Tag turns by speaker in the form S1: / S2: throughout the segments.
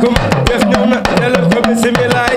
S1: kum def ñëw na delal ko bisimilaay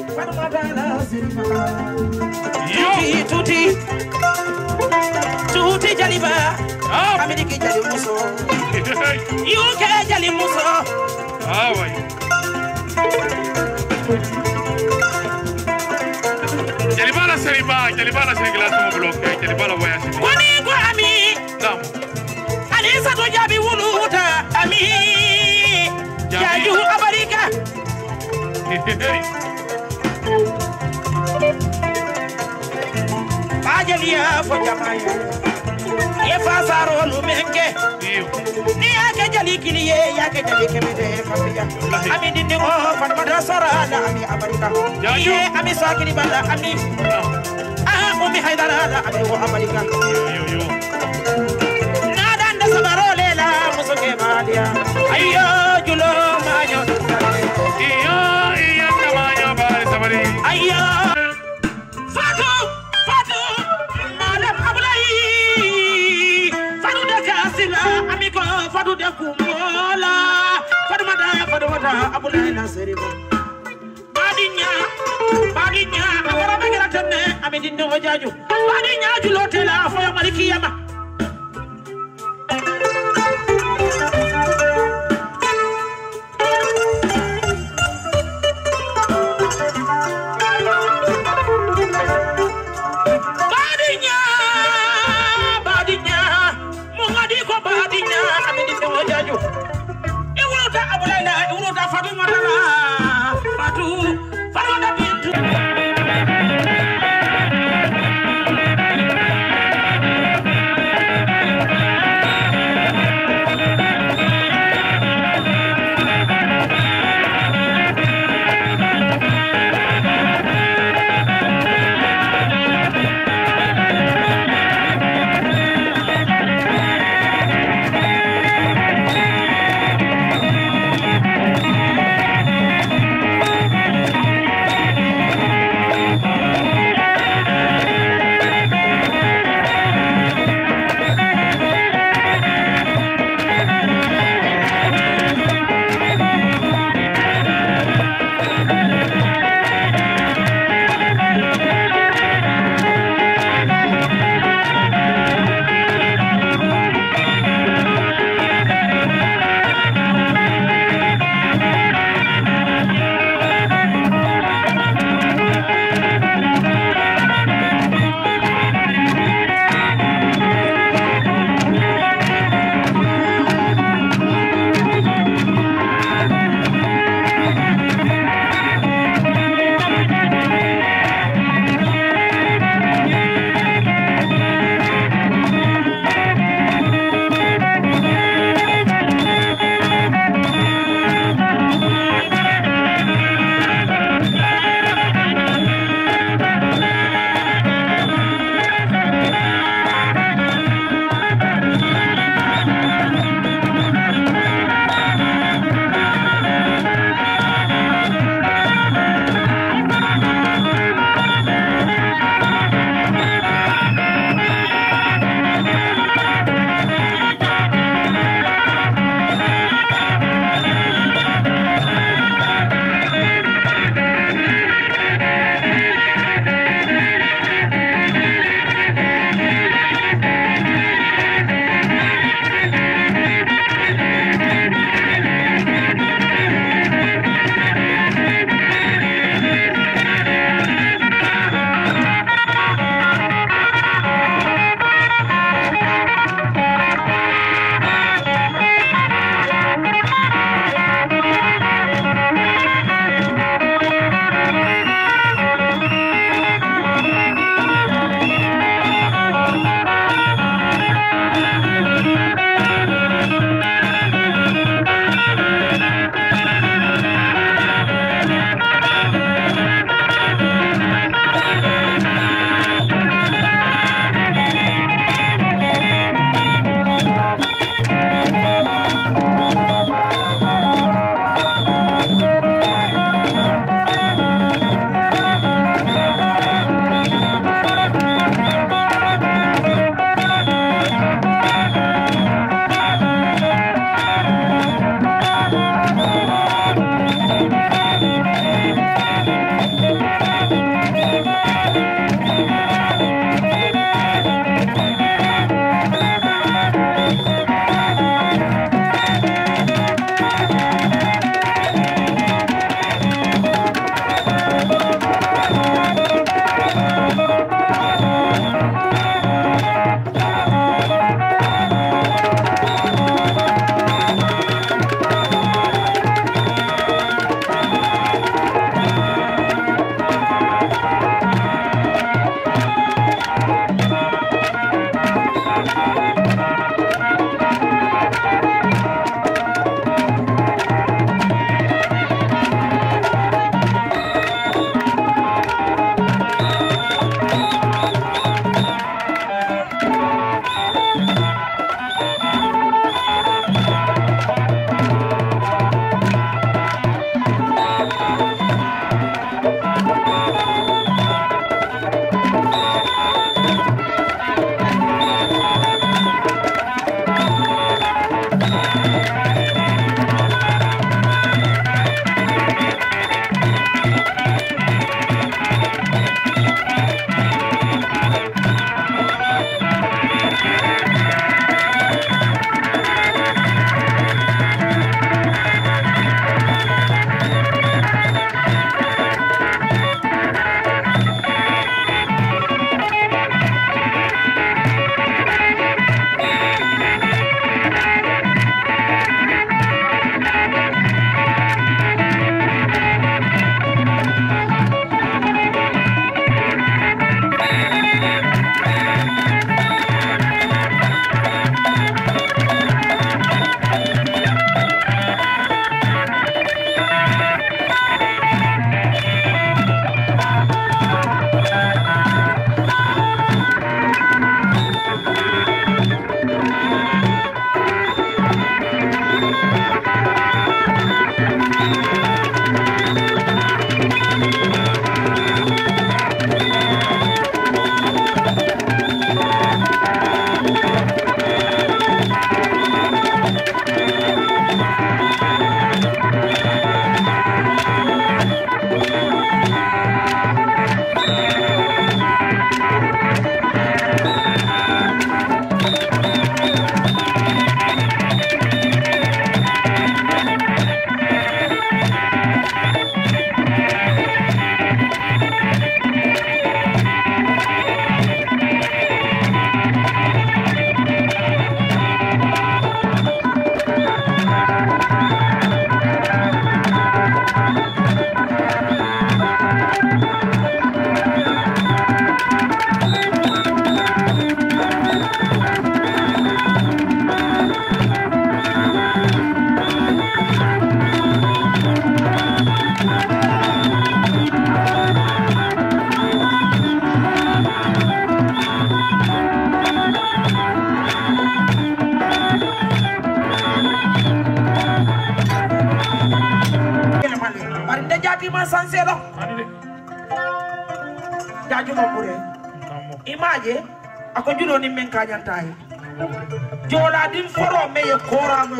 S2: Tuti, tuti, jaliba, kamili ki jali muso, yuke jali muso. Awai. ami. Naam. Alisa tu jabi wuluta, ami. Jaju abarika. ajal iya, iya. iya, ya fo jamaya ye fa saro lu menke ni ya ke jali kini ye ya ke jali ke me de famiya ami dindi o fat mada sara la ami abarika ye ami sakini bala ami ah ummi Haydara, la ami o abarika nadan da sabaro lela musuke balia ayyo julo mayo iyo iyo tamayo bari sabari ayyo fadu de kumola fadu mada fadu mada abulai nasiri ba badinya badinya awara magira tenne amidin no jaju badinya julotela foyo malikiyama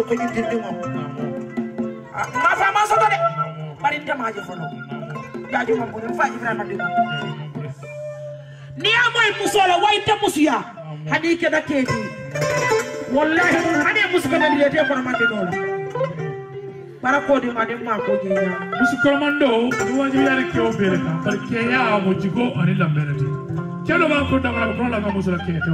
S2: lo ko yidde de ma fa ma so de bari dama jo hono yaaju mom
S3: ko fa ibrahima de
S2: ni amoy musola musiya hadi ke da kedi wallahi hade musuka da de te ko ma de dola para ko de ma de ma ko je ya musuko man do do ya yare ke o
S4: bere ka par ke ya mo jigo ani kelo ko da ko la ka ke to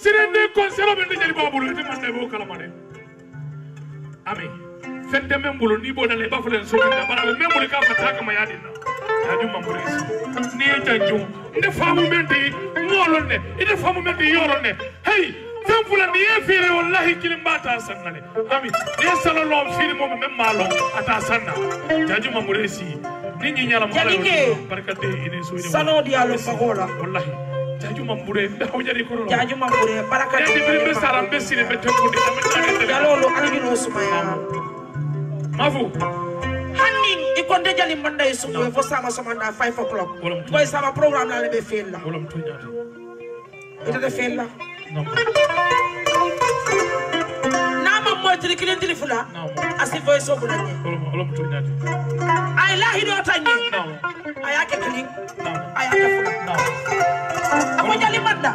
S4: sirenden konsɛrɛ bɛ ne jeli b'a bolo i tɛ masa i b'o kalama dɛ ami fɛn tɛ mɛn n'i b'o da la i b'a fɔ la so min na bala a bɛ mɛn bolo k'a fɔ taa kama y'a de na k'a di mamuru n'i ye ja jɔn ne faamu mɛn de n y'o lɔn ne faamu mɛn de i y'o lɔn dɛ fula n'i ye feere walahi kelen b'a t'a san ami n'i ye salon lɔn feere mɔ mɛ maa lɔn a t'a san na si ni ɲiɲa la mɔgɔ la barika
S2: ni so ni wala salon di y'ale sago la jajuma murembe awujari kurolo jajuma murembe baraka ndi mbe sara mbe sire mbe
S4: tekundi jalolo
S2: alimi no sumaya boy sama program la lebe fella wolam tunyata ita mooy tili kiliŋ tili fula a si foyi so bula ñe a ye lahidoo ta ñe a ye a ke kiliŋ a ye a ke fula a ko jali manda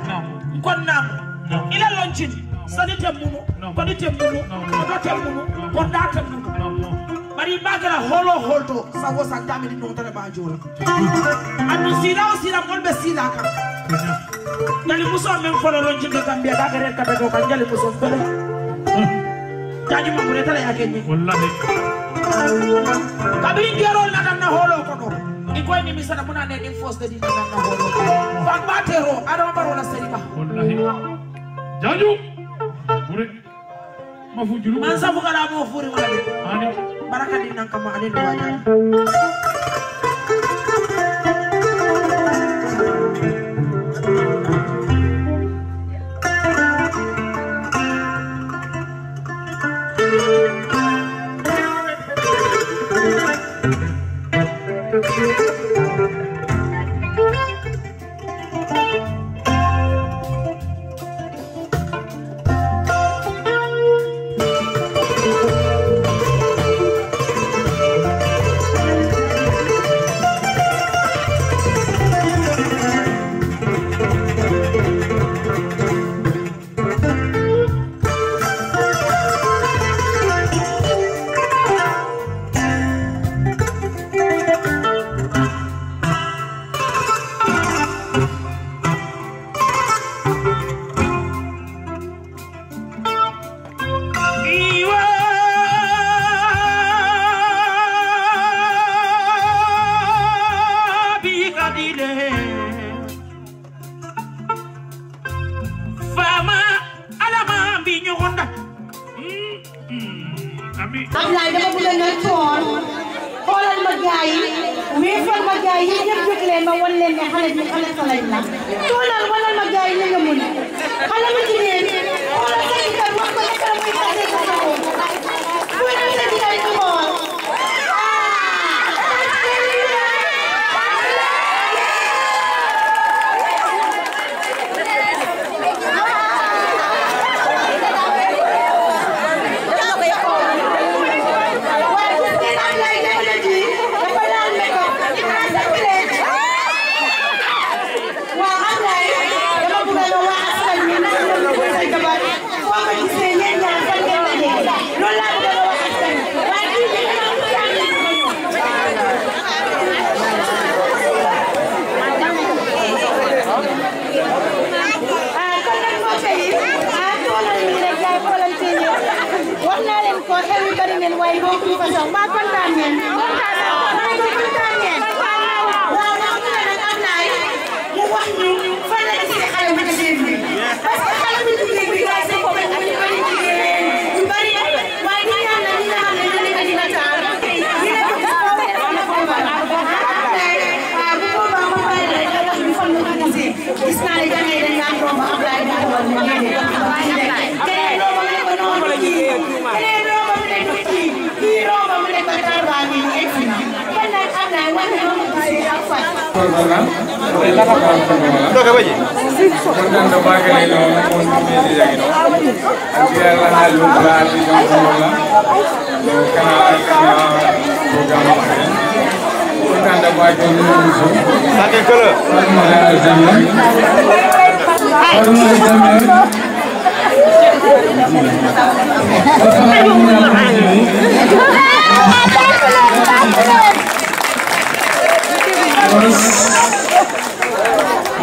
S2: kon naamu i la loncini sani te munu koni te munu koto te munu kondaa te munu bari i b'a kɛra holo holto sago san jamini ɲɔgɔn tɛ b'a jo la a dun sira o sira mɔli bɛ sira a kan jali muso min fɔlɔ loncini kan bi a k'a kɛra kabɛ dɔ kan jali muso fɛlɛ jajuma kuletala yake ni wallahi kabiri gerol na namna holo kodo ikoy ni misana muna ne ni foste di na namna holo ada adama baro na seriba wallahi jaju gure mafujuru mansa fukala mo furi wala baraka dinan kama ale do wajana Ablaye dama bëgg a ñëw ci woon ma gars yi wéefal ma gars yi ñëpp
S5: jóg ma wan leen xale bi xale salañ la. tuulal walal ma gars yi ñu nga mun xale bu jigéen Susan.
S6: korban korban baje korban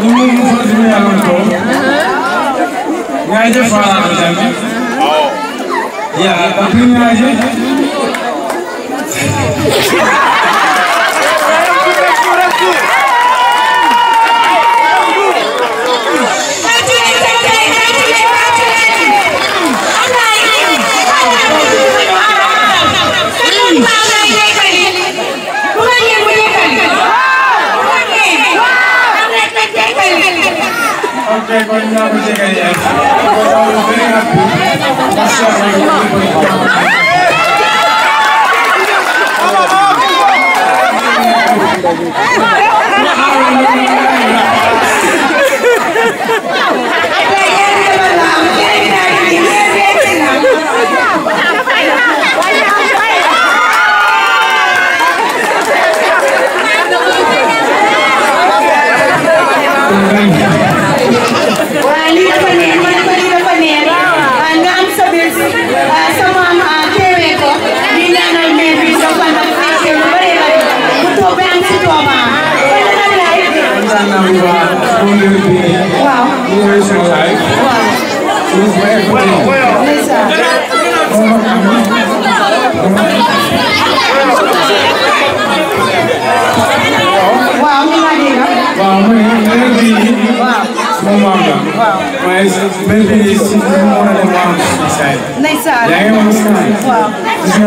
S6: Umum fotimi yalam to. Ngaje fala ko jambi. Ya, tapi ngaje.
S5: che vogliamo di Cariello vogliamo bene a tutti lasciamo che vogliamo Yeah.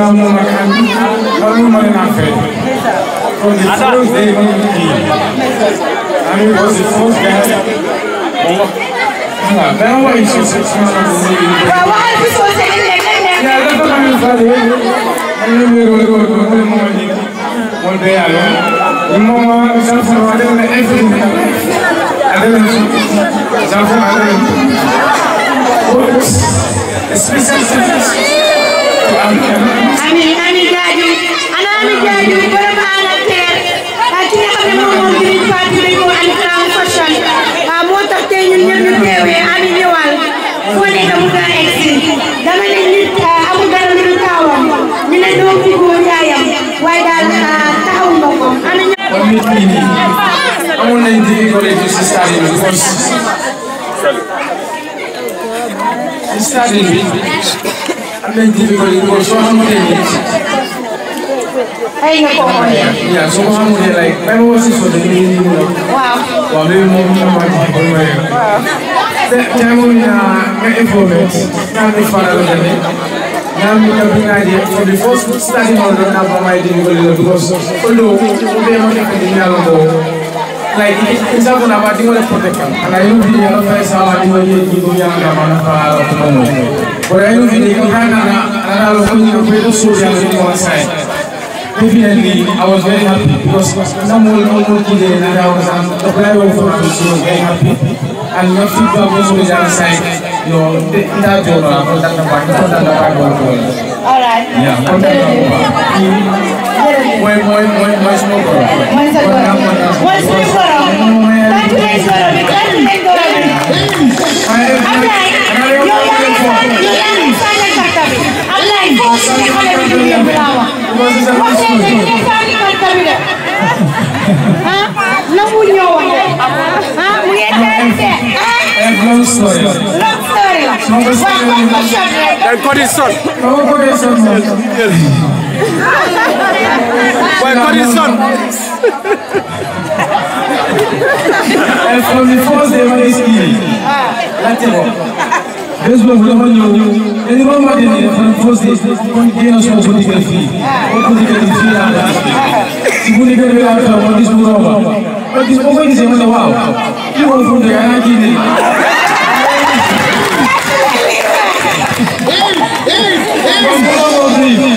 S6: Vamos lá, vamos lá na fé. Condições de ir. Aí você for ver. Ben o işi seçmezsen bunu ilgili. Ya var bir soru seninle ne ne? Ya da tamam insan değil. Benim bir rolü var. Benim o değil. O değil yani. İmam ama sen sormadın ve en sevdiğin. Adem için. Cafer Adem. Especially. ami ami
S7: jaaju ana ami jaaju borom Angleterre ak ki nga xam ne moom moom Green
S5: Party bi moom Al Crown Fashion waaw moo tax tey ñun ñëpp ñu teewee ami ñëwal foo nekk mu nga egsi dama ne nit ah, amul dara lu taawam ñu ne doom bi góor yaayam waaye daal ah, taxaw nga ko ami kon nit ñi nii
S6: amul nañ difficulté ci stade bi because stade bi Latin difficulty because somehow they mix it. Ay, naku ako niya. Yeah, like, pero was this for the you know. Wow. Wow, maybe more than one people may. Wow. Kaya mo na na-informate, na-referral kami. Namin na binayad for the first study mo na napamay din ko nila because although, kung di mo na kanina lang like in terms of our deal for the camp. And I don't think you know first how I do it in the young amount of moment. But I don't think you can another looking at the social on one side. Definitely, I was very happy because someone who did it and I was on the player for the show, very happy. And your feedback was on the other side. You know, that job, that the back, that the back, that the back. All right. Yeah, Muy, muy, muy, muy seguro. Muy seguro. Muy seguro.
S5: Congratulations, Gorobi. Congratulations, Gorobi. Apply. Yo ya me sale, yo ya me sale el cartabí. Apply. Porque jale mi lluvia brava. Porque se quiere salir el cartabí. ¿Ah? No
S6: murió. ¿Ah?
S5: Muy excelente. ¿Ah? Long story. Long story. Long
S6: story. Long story. Long story. Long story. Long story. Boycott El Flamifos de Mariski. Atiro. Mesmo o Leônio, ele vai mandar ele Flamifos de quem nós somos fotografia. O fotografia nada. Se você quer ver a outra, o disco nova. O disco vai dizer, olha, uau. E o outro de Guiné. Ei, ei, ei. Vamos lá, Rodrigo.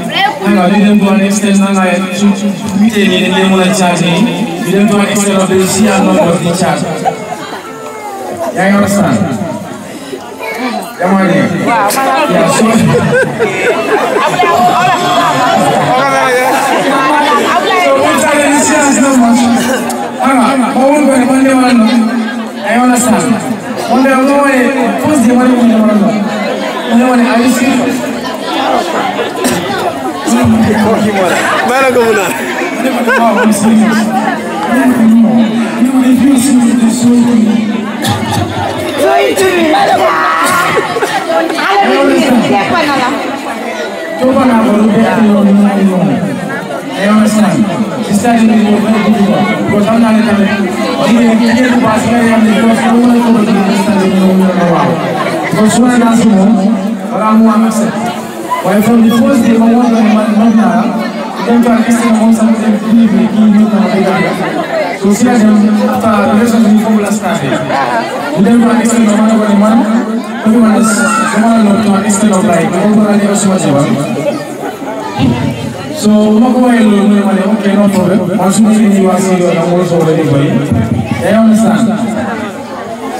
S6: aywa dañu dem n doon externe na nga su huitee nii dañ leen mën a chargé ñu dem doon externe ba si à nombre di charge yaa ngi understand
S7: dama ne yaa
S6: so I understand. One day I'm going to post the money in the Are you serious? Vai na comuna. I understand. She started with your very good work. Because I'm not a coming. Even if you get to pass away, I'm the first one to understand the world. Because when I ask you, I'm one accept. waaye from the first day ma woon man man naa dem to ak sama moom sama dem bi kii so si la dem ta relation bi foofu la starté mu dem to ak sama ma ne ko ne man dafa ma ne dama la loo to ak sama bay ma ko la ne suma jabar so ma ko waxee loolu mu ne ma ne ok non problème man suma fi ñuy wax si yoon am wala soo bëri bëri day am saan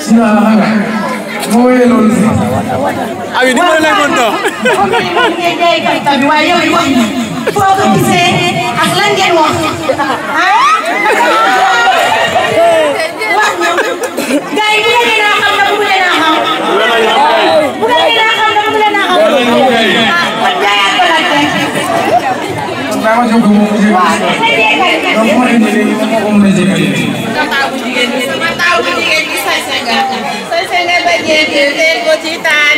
S6: si la xam nga ma waxee loolu si.
S5: Abi ni mo lay mën Father, we say, as long as one.
S6: Tahu dia
S5: ni, tahu dia ni saya sangat. Saya sangat bahagia dia, dia kau cerita.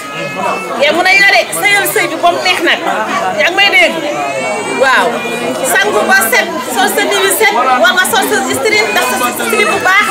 S5: yaa mun a yore sëyal bi ba mu neex nag yaa ngi may waaw sangu ba set sol sa set war nga sol sa istri ndax sa istri bu baax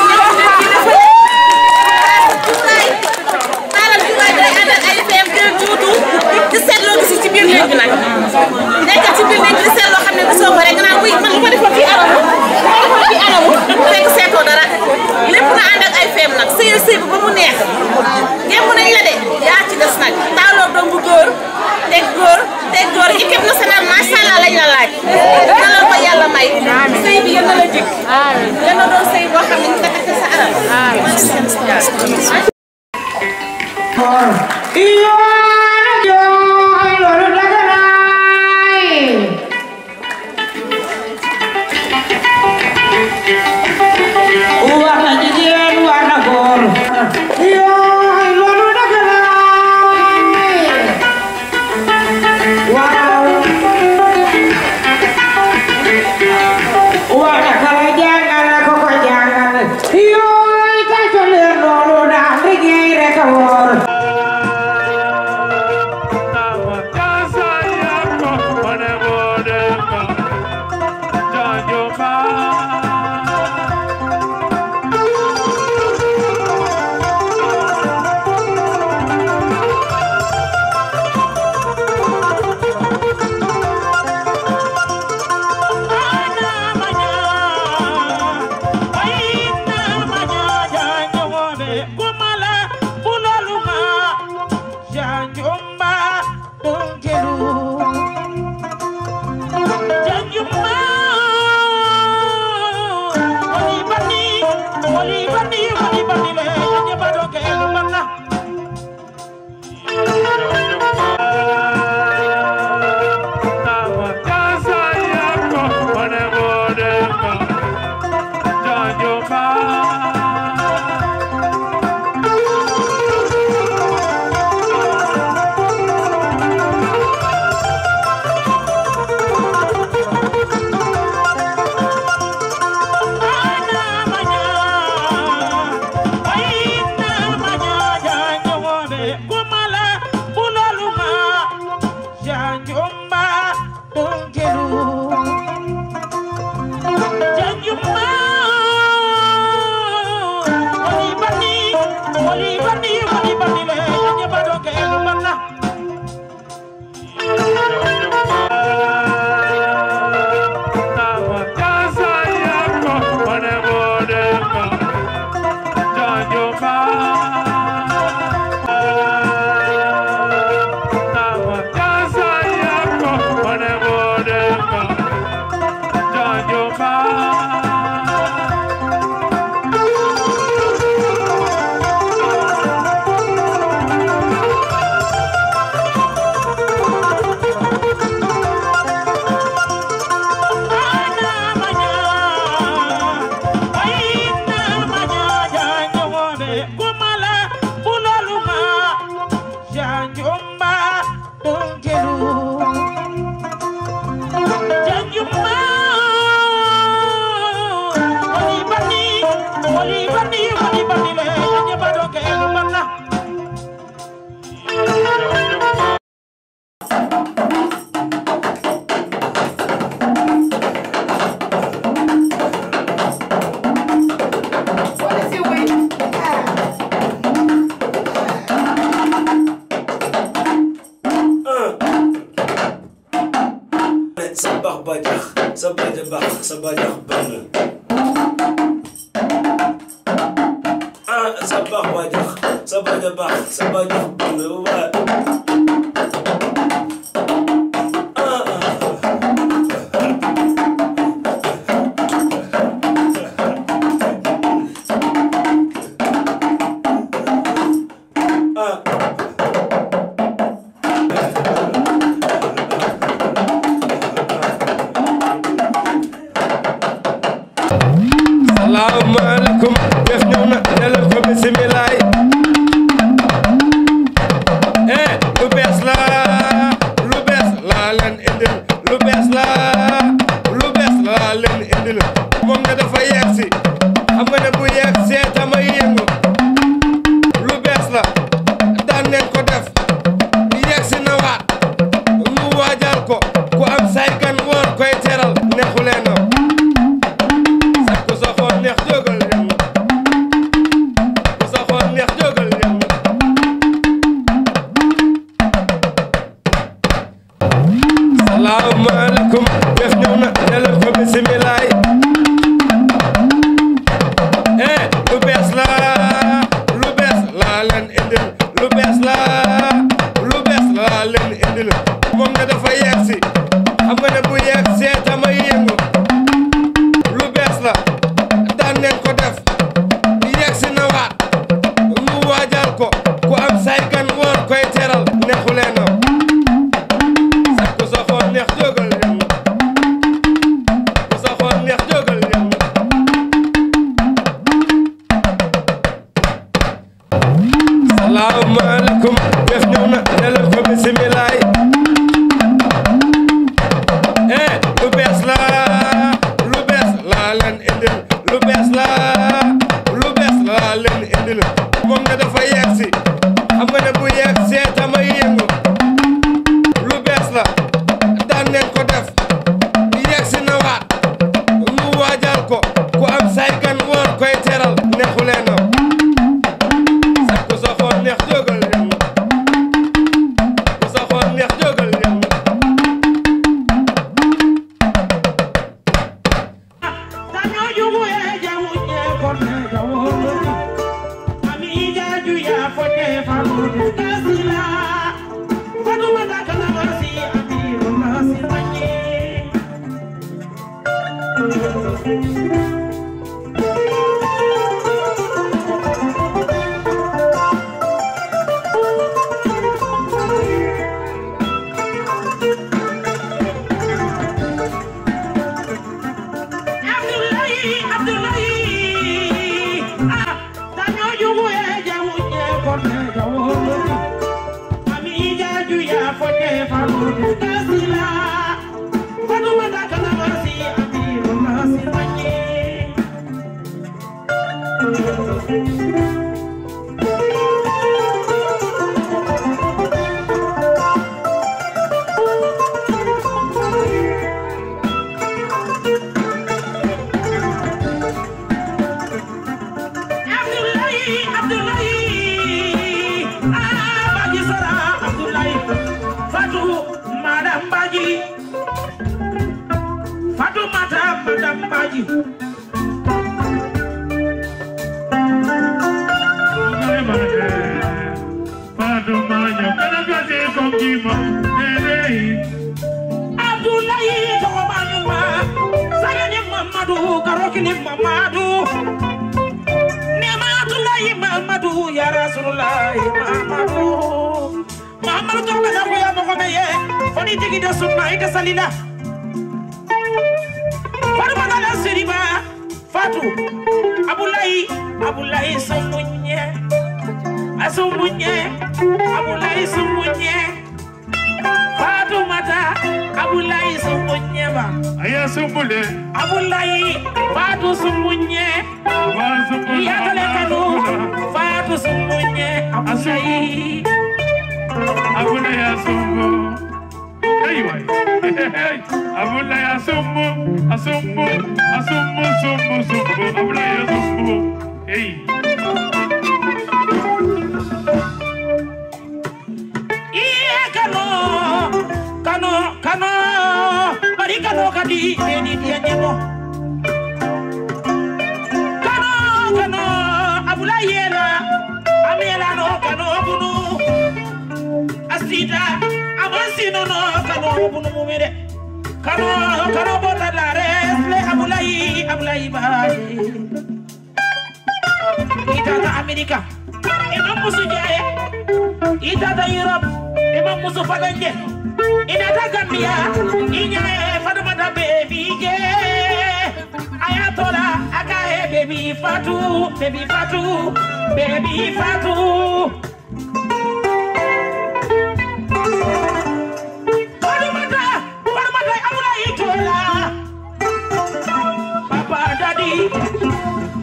S2: daddy,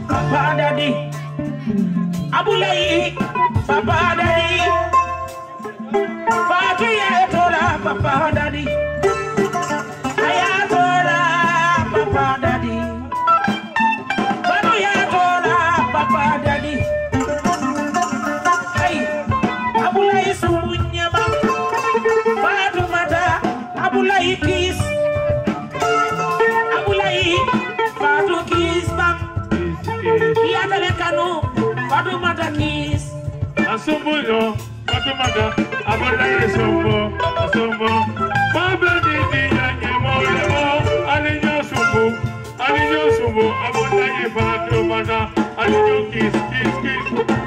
S2: papa daddy, Abulai, papa daddy, Fatia Tola, papa daddy.
S4: mother, I'm a lady so more, you get you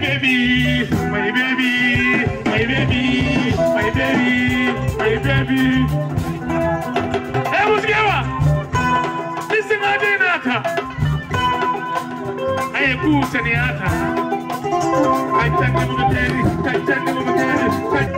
S4: baby, my baby, my baby, my baby, my baby. Hey, what's going This is my day, Nata. I am cool, Seniata. I tell you, I tell you, I tell you.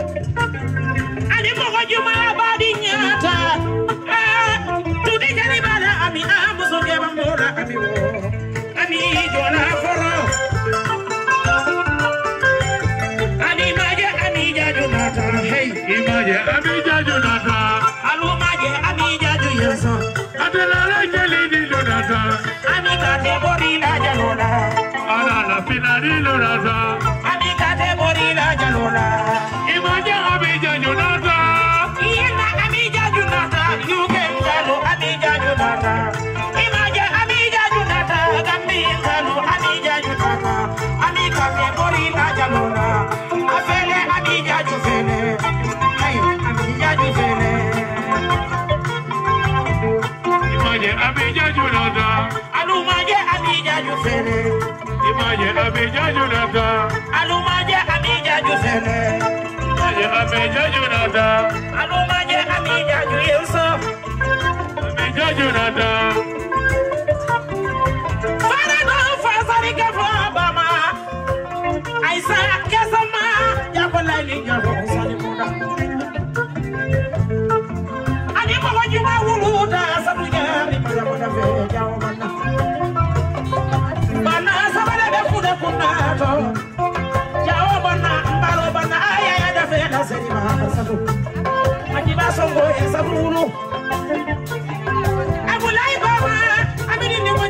S2: lorasa. Amiga te borila ya lola. Ala la finari lorasa. Amiga te borila ya lola. Imaja amija junasa. Iyena amija junasa. Yuke ngalo amija junasa. Imaja amija junasa. Gambi ngalo amija junasa. Amiga te borila ya lola. abijaju lọta. alumajẹ abijaju sẹnẹ. ìmàjẹ abijaju lọta. alumajẹ abijaju sẹnẹ. ìmàjẹ abijaju lọta. alumajẹ abijaju yẹn sọ. abijaju lọta. fara náà fa sáré kẹfọ àbámá àìsàn safo aki ba songo e safo wulu abulai baba amini ni mo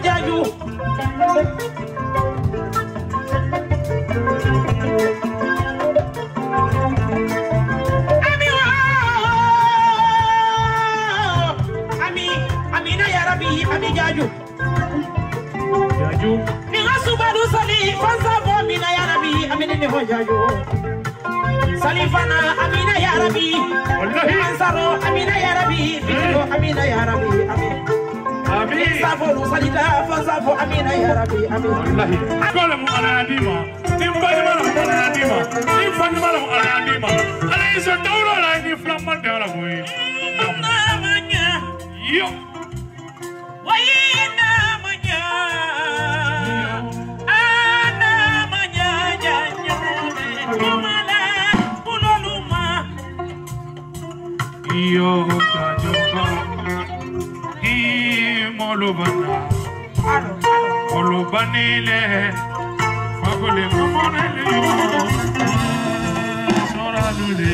S2: ami wa ami amina ya rabbi ami jaju jaju ni rasubalu sali fansa bo amina ya rabbi amini ni mo jaju خليفنا امين يا ربي والله انصر امين يا ربي فتنه امين يا ربي امين امين صافو صليتا فصافو امين يا ربي امين والله قول مو انا ديما تيم بالي ما انا ديما تيم فن
S4: ما انا ديما انا يسو دورو yojajoba imolobana olobanile fagole mamonele yo soralule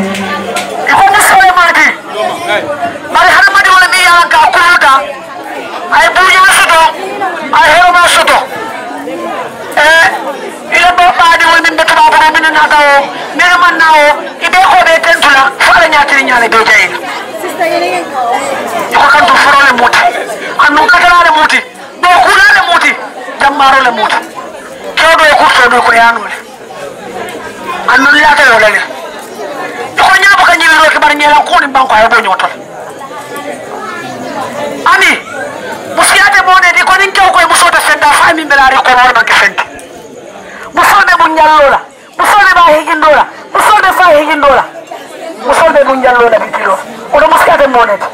S8: ñane be jay ko kan to furo le muti kan non kata le muti do ku le muti jammaro le muti kedo ko to do ko yanu le an non ya ta yo le ko nyaabo ka nyiro ke bar nyela ko ni banko ay bo nyoto ani musiyate mone di ko nin ko muso ta senda fa min bela re ko wor ke senda muso de mun nyallo la muso ba higindola dola muso fa higindola musolɓe ɗum ñallona bitilo oɗo muskate monete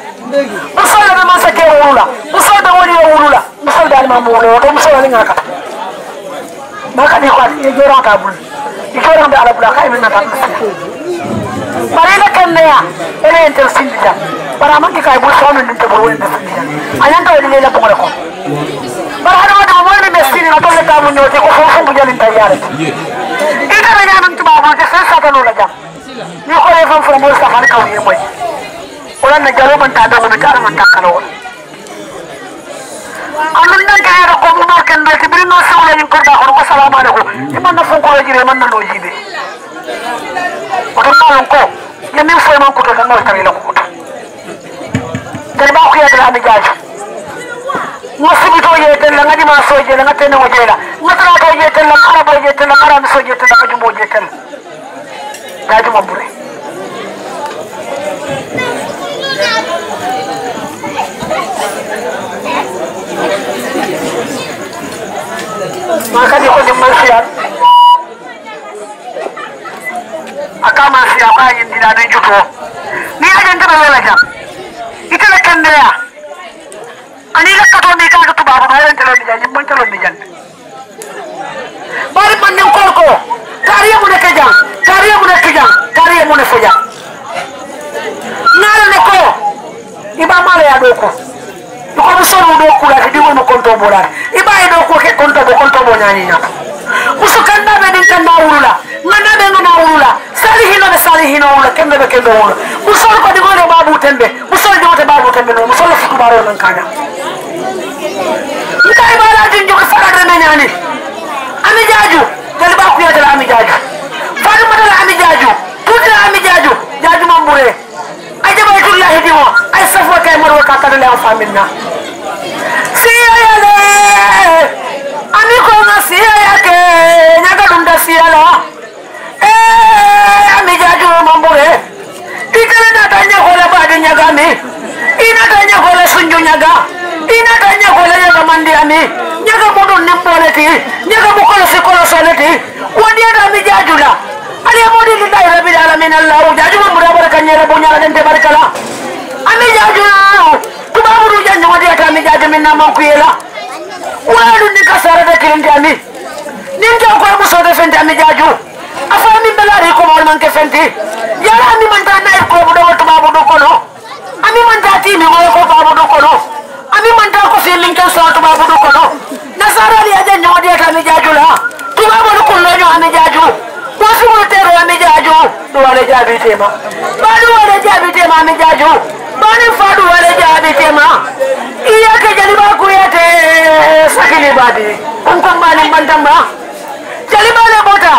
S8: musolɓe man sakke o wulula musolɓe woni o wulula musolɓe alimamu wulo oto musolaliga kata ma kadi ko e jorata bul i joramɓe ala bula ka eminata mbaɗaɗa kenneya ene enter sindi tan bara manke kay bul sawno ndin tebor wonende sindi tan a ñanta waɗi leyla bogre ko bara haɗa waɗi mo wonde ɓe sini no tolle tamu ñoote ko fof fo mbo jalinta yarete ɗiɗaɓe ñamen tubabude sen satanola jam ni xoolee fan fula mo safar kaw ye moy wala na jalo man ta da wona kar kala wona anun nan ga ko mar kan da ke birno sawla ni ko da ko ko salama da ko iman na fon ko jire man na no jibe ko non ko ya min fo man la ko to dal ba ko ya da ni gaaji mo subi tella ye tan ngadi ma so je ngate no je la nga to je tan ngara bo je రాజు అప్పుడే maka di kuning maksiat aka masu ya bayan dina don jiko ni a jan tara lalaja ita da kan ani da ka to ne ka to babu da ran tara bijan ban tara bijan কারে মনে খিজাম কারে মনে ফোজাম নারে নকো ইবা মারে আদোকো ko musoro doku la kidi wono konto bola iba edo ko ke konto ko konto bonyani na musu kanda be din kanda urula ngana be ngana urula salihino be salihino urula kende be kende Muso musoro ko digole babu tembe musoro jote babu tembe no musoro futu baro nan kaga ndai bala din jo ko ami jaju dal ba ku ya dal ami jaju bure ay jaba ikul lahi dimo ay safwa kay marwa ka kadale am faminna siyayale ani ko na siyaya ke nyaga si siyala eh ami jaju mambure ikale na tanya kola badi nyaga mi ina tanya kola sunju nyaga ina tanya kola nyaga mandi ami nyaga mudun ti, nyaga bukolo sikolo sole ti, da mi ami la alhamdulillahi rabbil alamin allah jaju mun mura baraka ne rabu nya dan tabarkala ami jaju kuma muru jan ne wadi kami jaju min nan ku yela wani ni kasara da kirin da mi nin ta ko muso da fenta mi jaju afa mi balare ko mon man ke fenti yara mi man ta na ko bu do to babu do kono ami man ta ti mi ko babu do kono ami man ta ko filin kan so to babu do kono nasara ya jan ne wadi kami jaju la kuma mun kullo ne ami jaju ba su matero amijaaju ɗum wona jaabitema ba ɗum wona jaabitema amijaaju bani fadu ke jaabitema iyake jaliba kuyate sakili badi on kon mbani mbantamba jalibane bota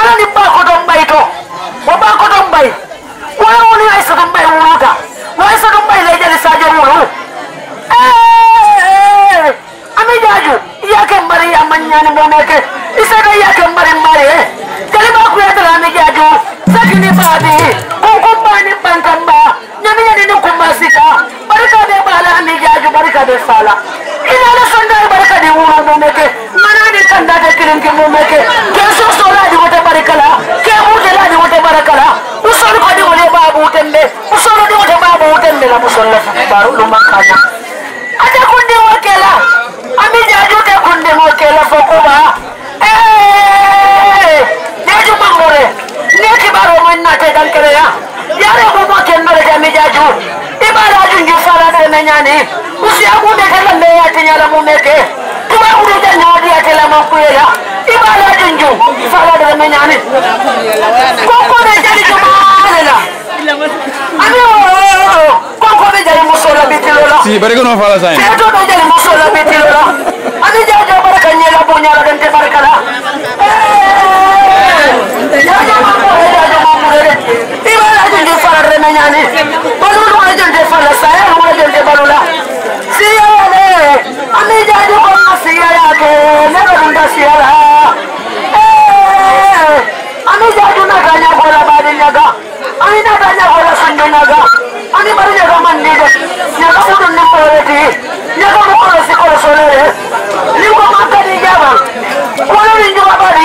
S8: alani bakoton ɓay to o bakoton ɓay wona woni aysaton ɓay wuluta wo aysaton ɓay leyjali sadio wulu amijaaju iyake mbari yamma ñani momeke isaka iyake mbari mbari e kalima kuyata la migi ajo sakini babi kukumba ni pankamba nyamiya ni nukumba sika barika de bala migi ajo barika de sala ina la sonda barika de wuro mumeke mana ni kanda de kirinki mumeke kesu sola di wote barika la ke wote la di wote barika la usol ko di wote babu tembe usol di wote babu tembe la musol la baru lumakanya ate kundi wakela amija ajo te kundi wakela fokuba eh እኔ ኪባሮ እናቴ ደንቅሬያ ያሬ ሆኖ ኬመረጃ ሚጃጁ ኢባራጅን ጅሳራ ቀመኛኔ ውስያቁ ደተለመ ያትኛ ለሙሜቴ tubabu da jan hadi ya tela man kuyela ibala jinju fara salah dari yani koko da jali jamaala ami o koko da jali musola bitilola si
S6: bare ko no fara sai se
S8: to da jali musola bitilola ami jaja barkan yela bonya la dan te barkala na ñaani lu wala jël defal la lu wala jël defal la si yàlla ne ami jaaju ko na ya, ke ne ba dunda ga ya. ñago eh, la baadi ñaga ami ga ñago la sundu ñaga ani bari ñaga man ni de ñaga mu dun ni koleti si kolo solere ni ko di jaba wala ni ñu ba baadi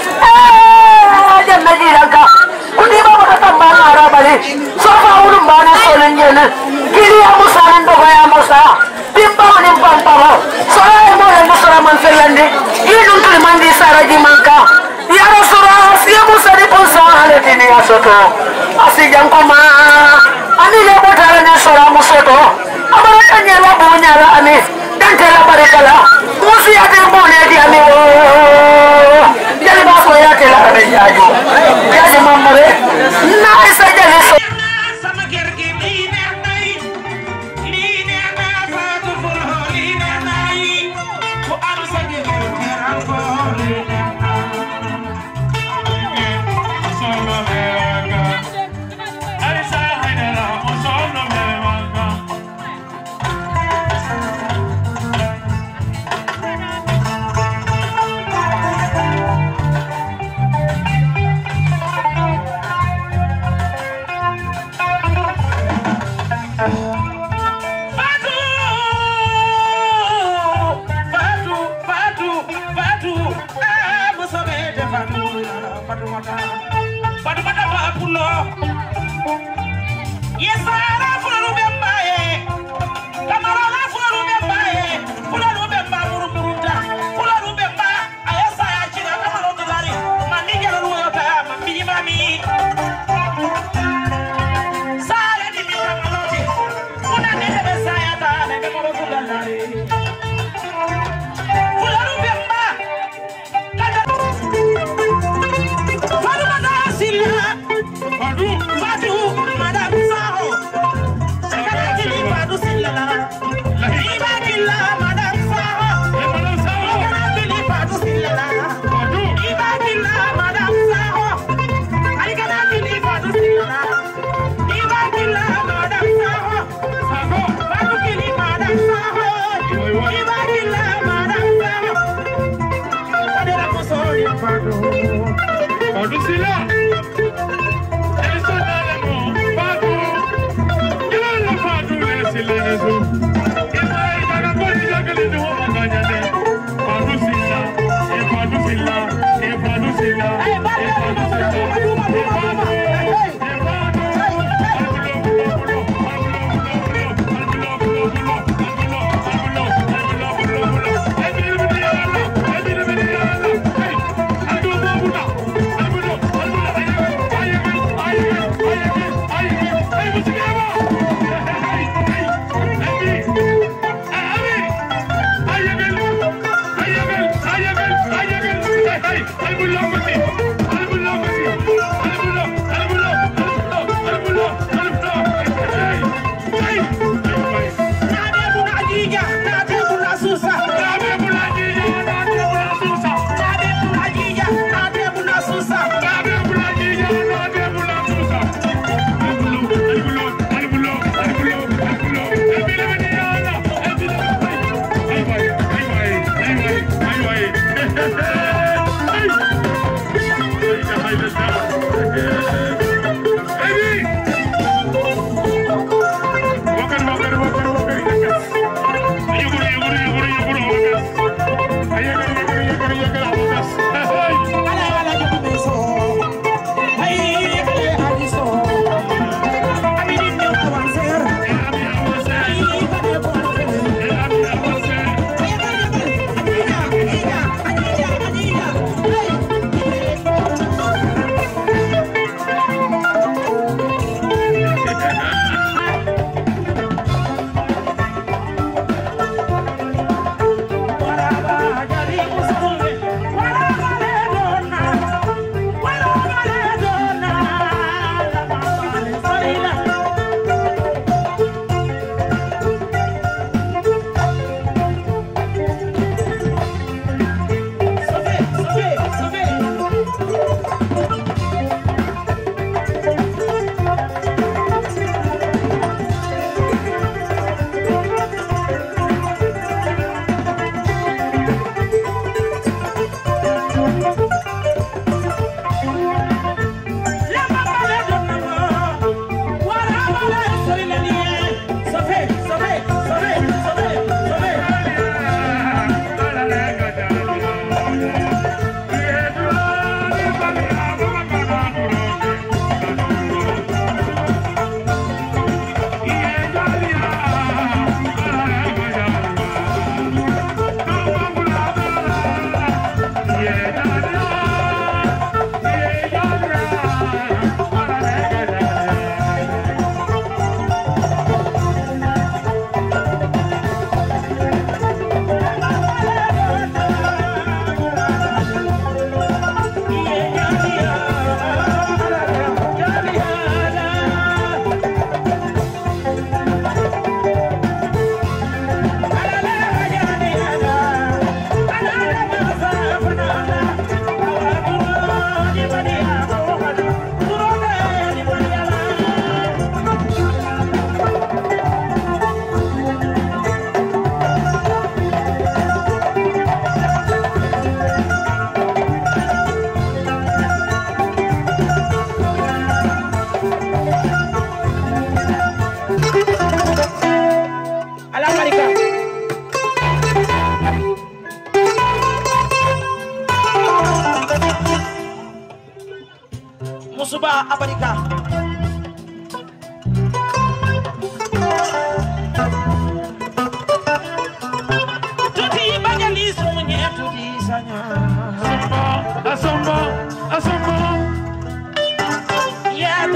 S8: jannatiranka kudimamaka tambanga arabale sofaulum bana solenyene kiliya musaran dogaya musa dimpawanin pampama sorae morendu soraman fellandi inum kilmandi saraji manka ya rasulah siya musa di ponsa haletini ya soto asijankoma amile botarane sora musoto abarata nyela bunyala ami dantela barekala musiyate monedi ami o
S2: la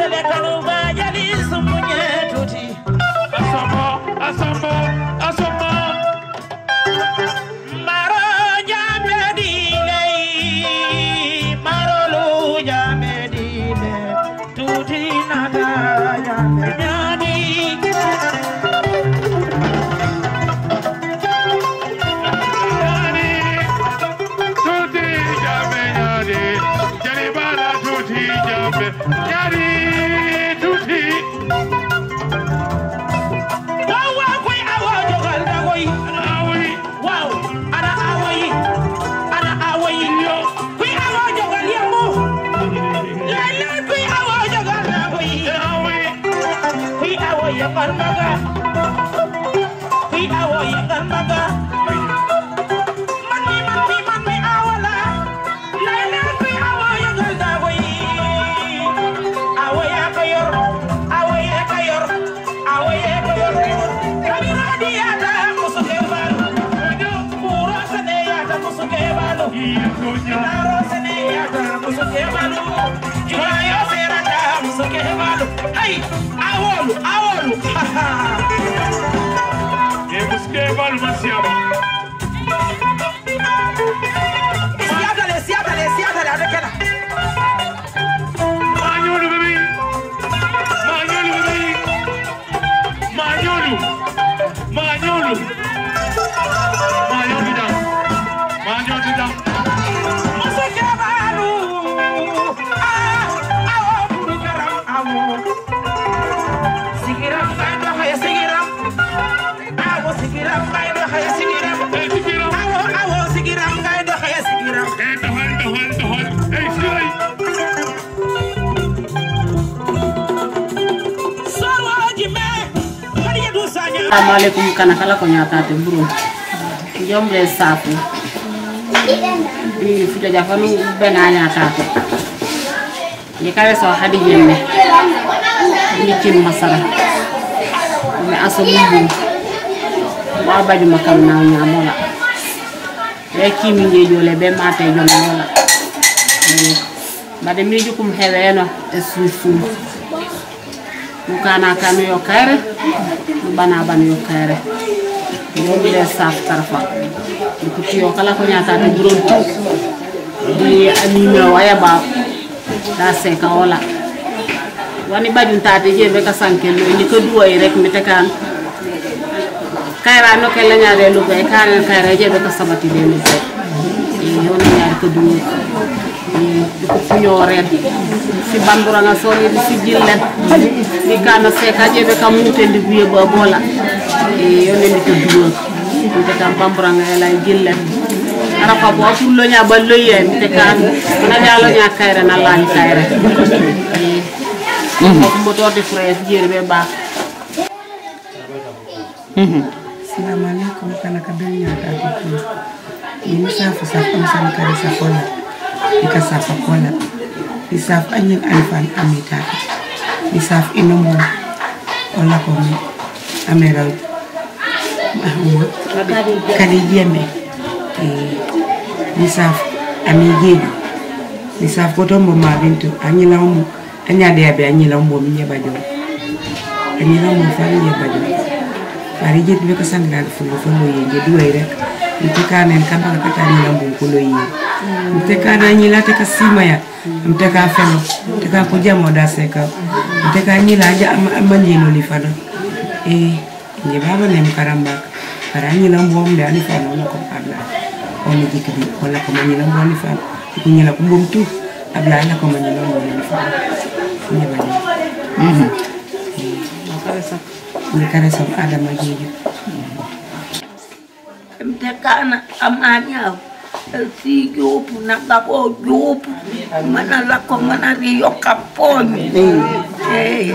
S2: déjalo Ai! Aolo! Aolo! assalamu alaikum kana
S9: kala ko ñatate buru jom le sapu ɗi ja fanu bena ñatate ni kawe so hadi yemme ni kin masara mi asamu bu wa badi makam na e ki mi je jole be mate jom wala bade mi jukum heweno e suusu mukana kanu yo kare bana bana yo kare yo bile saf tarfa kuti yo kala ko nyata de buron tu di anime waya ba da se ka wala wani bajun ta de je be ka sanke lo ni ko duway rek mi tekan kayra no kala nyaade lu be kan kayra je be ka sabati de lu be yo ni nyaar ko duway njoren si bandura nga sori si jillet di kana seka jebe kam mutendi wiye ba bola e yone mi to duwa ko tam bambura nga la jillet tekan, bo fullo nya ballo yen te kan na nyalo nya kayre na lan kayre mhm mo to di frère jerbe ba
S7: mhm
S10: alaikum kana ta
S5: ko ni sa sa kola ika sa kola isaf anyin anfan amita isaf inomu ola ko mi amera mahuma
S11: isaf ami isaf ko tombo ma bintu anyila mu anya de abe anyila mu mi nyeba jo anyila mu fani nyeba jo bari jet be ko sangal fu ko lo yeje kan ba ka tani lambu ko mteka nanyila teka simaya mteka feno teka kuja moda seka mteka nyila aja amanyino lifana eh nye baba ne mkaramba para nyila mbo mle alifana ona ko abla oni dikibi kola ko manyila mbo alifana kunyila kumbo mtu abla ala ko manyila mbo alifana nye baba mhm ni karesa adama jijo
S10: mtekana amanyao Siyo po na kapo, yo po. Manala ko manari yo kapo. Hmm. Eh,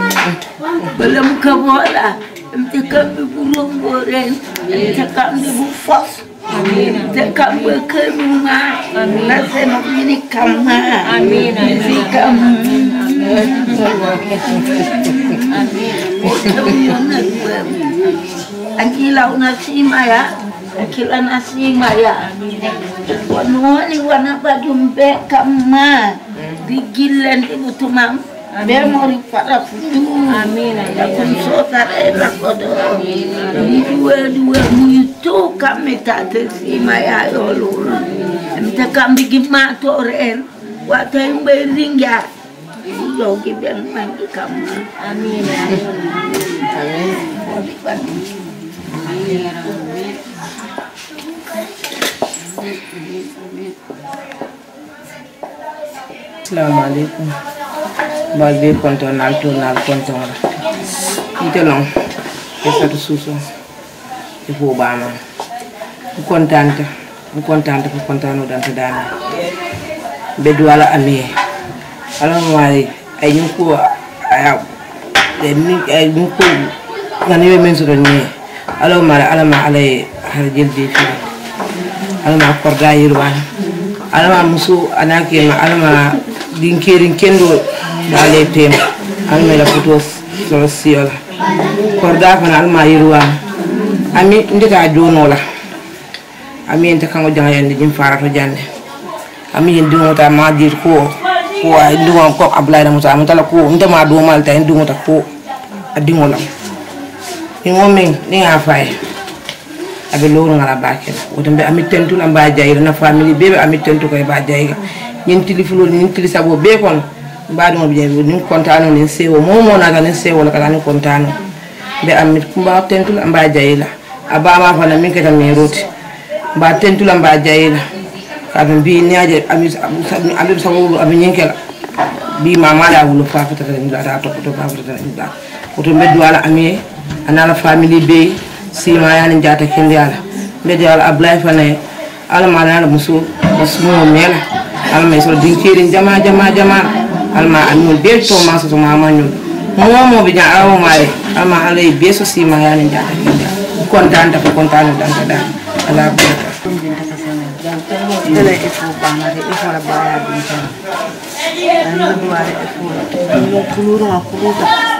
S7: wala mo ka wala.
S10: Hindi kami bulong goren. Hindi kami bufos. Hindi kami karunga. Nasa nagmini kama. Amin. Hindi kami. Amin. Ang ilaw na si Maya. Kilan asing Maya, ya. Wanu ni wanak baju mbek kama. Digilen hmm. butuh mam. Biar mau ripak lah putu. Amin. Ini Dua-dua muyutu kami tak terima ya Allah. Ya, Minta kami mak tu orang. Waktu yang bering ya. mangi Amin. Amin. Amin. Amin. Amin. Amin
S11: amin amin assalamu alaikum balbe konto nal to nal konto ra ite non e satu suso e fo bama ko kontanta ko kontanta ko kontano danta dana be duwala ami ala mari ay ñu ko ay ni ay ko ngani be men so ni ala mari ala alama korda yirwa alama musu anake ma alama dinkirin kendo dale tem alama la fito so korda fan alama yirwa ami ndika jono la ami enta kango janga yande jim farato jande ami yin dungo ta ma dir ko ko ay dungo ko ablay da musa amtala ko ma do malta ndungo ta ko adingo la ni momen ni fay aɓe lownogal abakela woto mbe ami tentula mba jayira na family be ɓe ami tentu koye mba jayiga ñintili fulode ñintili saabu be kono mbaɗumo ɓe jayi nin contano nin sewo momonaga nin sewola kala nin contano mbe ami mba tentula mba jayila a bama fana min kata min roti mba tentula mba jayila kaɓe mbi niaje aɓe sababu aɓe ta mbi mamaɗa ta fafatata ɗimɗa ta toppoto fafatata ɗimɗa woto mbeddu ala amiye anala family beyi simayani jata kendi ala mbede ala ablaye fanaye ala maɗana musu musumo mela alama soro dinkiɗin jama jama jama alma amiol be to maso to mamañol momoɓe jan ala alma alaye be so simayani jata kendi ala contane dafa contane danta ɗa ala barka tele ifo ɓanade ifola baya ɗum tan anɗoɗuware
S9: ifola kuluruma kuluta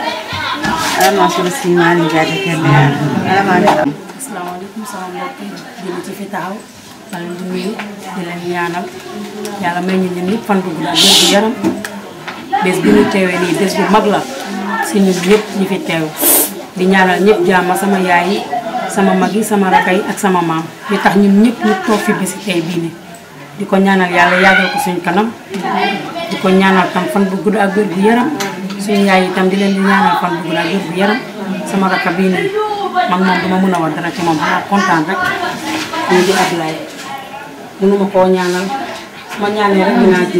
S9: si maa ngi jaay di kenn
S10: vraiment.
S7: asalaamaaleykum sama mbokki jullit
S10: ma ñu ñun ñëpp fan bu gudd ak wér mag la si ñun ñu fi teew di ñaanal ñëpp sama yaay yi sama mag yi sama rakk yi ak sama maam li tax ñun ñëpp ñu toog fi bési tey bii nii. di ko ñaanal yalla yàggal ko suñu kanam di ko ñaanal tam fan bu gudd ak bu yaram suñu yaay tam di leen di ñaanal fan bu gudd ak bu yaram sama rakka bi ni man mom duma mëna a wax dara ci mom xanaa content rek
S7: ñu di ablaye
S10: mënuma ko ñaanal sama ñaané rek dina ci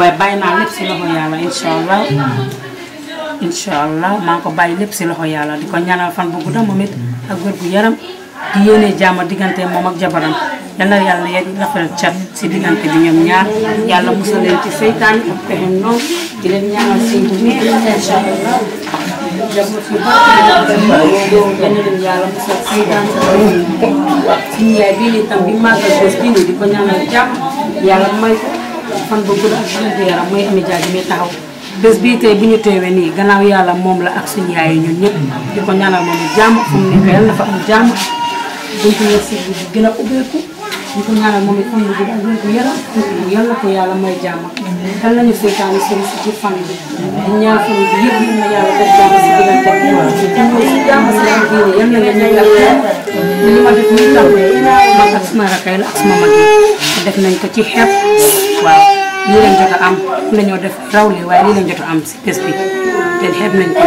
S10: way bàyyi lepp ci loxo yalla inshallah inshallah mako bay lepp ko loxo yalla di ko ñaanal fan bu gudd momit ak bu yaram di yéene jàmm diggante moom ak jabaram yalla yàlla ya rafetal chat si digante di ñom ñaar yalla musal leen ci seytaan ak pexem no di leen ñaanal ci bu neex incha allah jaboot yu bari leen yàlla musal seytaan suñu yaay bii nii tam bi màggal bés bii nii di ko ñaanal jàmm yàlla may ko fan ba gudd ak suñu yaram mooy amee jaaji mi taxaw bés bii tey bu ñu teewee nii gannaaw yàlla moom la ak suñu yaay ñun ñëpp di ko ñaanal moom jàmm fu mu nekk yàlla na fa am jàmm buntu wërsëg bi gën a ubbeeku ñu ko ñaanal moom it fan bi daal ñu ko yaram yal na ko yàlla may jàmm kan lañu seetaan seen si ci fan bi di ñaan fan bi yëpp ñu na yàlla def jàmm si diggante bi ñëw si jàmm si lañ diine yal na nga ñëw ak li ma def muy tàmbali man ak suma rakay la ak suma mag def nañ ko ci xepp waaw lii lañ jot a am dañoo def rawle waaye lii lañ jot a am si bés bi te xeeb nañ ko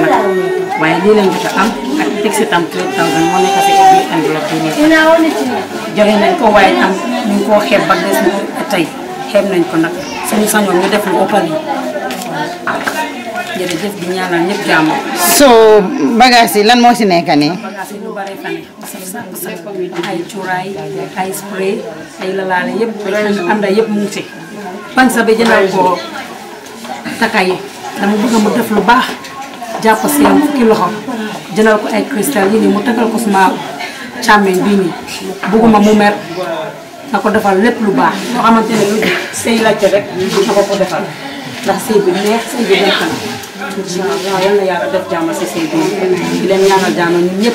S10: waaye lii lañ jot a am ak teg tam 3000 moo nekk si biir enveloppe bi nii joxe nañ ko ñu ngi koo xeeb ba des na tey xeeb nañ ko nag suñu sañoon ñu def lu ëppal jërëjëf di ñaanal ñëpp jàmm.
S3: lan moo kan, eh? kan, eh? eh, si nekk nii.
S10: yi lu ay ay spray ay lalaale yëpp yëpp mu ngi ci.
S3: pansa bi jëndal ko
S10: takay dama bëgg mu def lu baax jàpp si fukki loxo jëndal ko ay mer. na ko defal lépp lu baax xamante ne lu sëy rek incha allah yal na yàlla def jàmm si seen doom ñu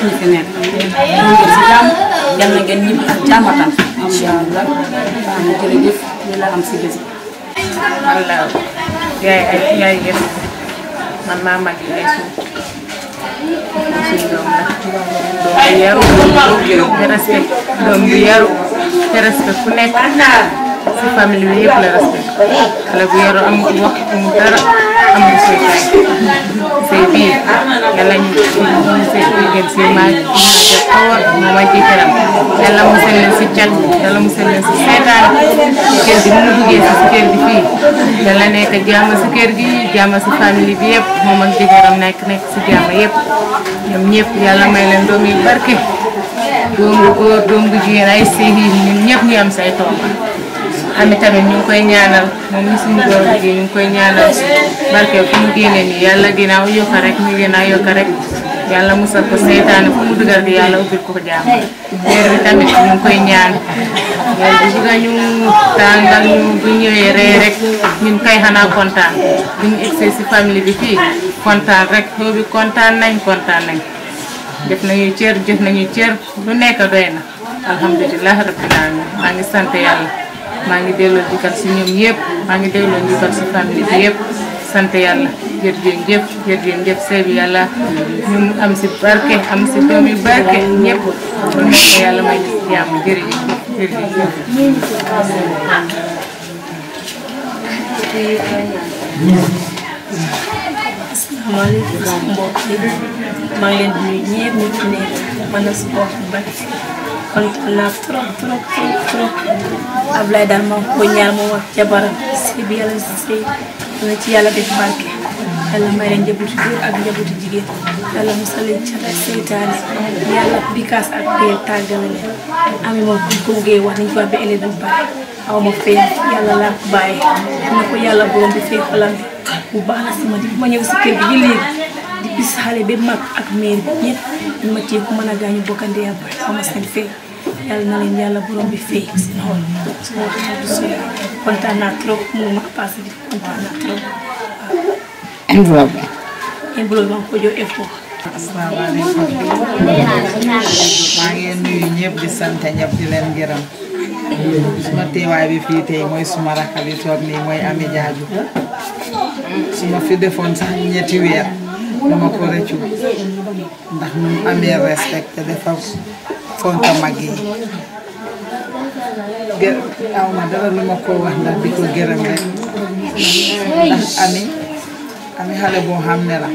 S10: fi nekk. ñu ñu
S12: jërëjëf ñu la am si bés bi. man man maa mag yi ay suuf suñu doom la. te respect doom bu te respect ku nekk. si family bi yëpp la respect xale bu yaru amul wax amul dara amul sëy sëy bii yàlla ñu sëy bi gën si maaj ci kawar mu ma ci kanam yàlla mu seen leen si cat yàlla mu seen leen si seetaan si kër gi mu duggee si kër gi fii yàlla nekk jaama si kër gi jaama si famille bi yëpp moom ak jëkkëram nekk nekk si jaama ñoom ñëpp yàlla may leen doom barke doom bu góor doom bu jigéen ay yi ñun ñëpp ñu am say ami tamit ñu ngi koy ñaanal moom mi suñu góor gi ñu ngi koy ñaanal barke fu mu génne ni yàlla ginnaaw yokk rek mu ginnaaw yokk rek yàlla musal ko seytaane fu mu dugal di yàlla ubbil ko jaam weer bi tamit ñu ngi koy ñaan yàlla bu bëgg ñu tàngal ñu bu ñëwee rey rek ñun kay xanaa kontaan bu ñu egsee si famille bi fii kontaan rek xew bi kontaan nañ kontaan nañ def nañu cër jëf nañu cër lu nekk doy na alhamdulilah rabbil alamin maa ngi sant yàlla maa ngi delloo jikat si ñoom yëpp maa ngi delloo jikat si famille bi yëpp sant yàlla jërëjëf jëf jërëjëf jëf seeb yàlla ñu am si barke am si doom yu barke ñëpp kon nag yàlla may ñu jàmm jërëjëf jërëjëf
S7: asalaamaaleykum
S10: maa ngi leen di nuyu ñu ci nekk mën na support bu kontaan naa trop trop trop trop Ablaye daal moom ko ñaar moom ak jabaram sëy bi yàlla sëy
S1: na ci yàlla def barke
S10: yàlla may leen njabootu góor ak njabootu jigéen yàlla musal leen cat ak seytaane yàlla bikaas ak biir tàggale leen ami moom ko buggee wax nañ ko wax ba ëllëg du baax aw fee yàlla laa ko bàyyi na ko yàlla borom fee xolam bu baax la sama di ma ñëw si kër gi léegi di bis xale bi mag ak mère bi ñëpp ñu ma ci ko mëna gañu bokandé bokkande yàlla ma seen fee yalla na leen yalla borom bi fee ci xool ma waxee du sori trop mu ma passé di kontaan
S3: trop ko jox effo Assalamualaikum dama ko rëccu ndax nu mu amee respecté dafa fonka mag yi gë aw ma dara lu ma ko wax ndax di ko gërëm rek ami ami xale boo xam la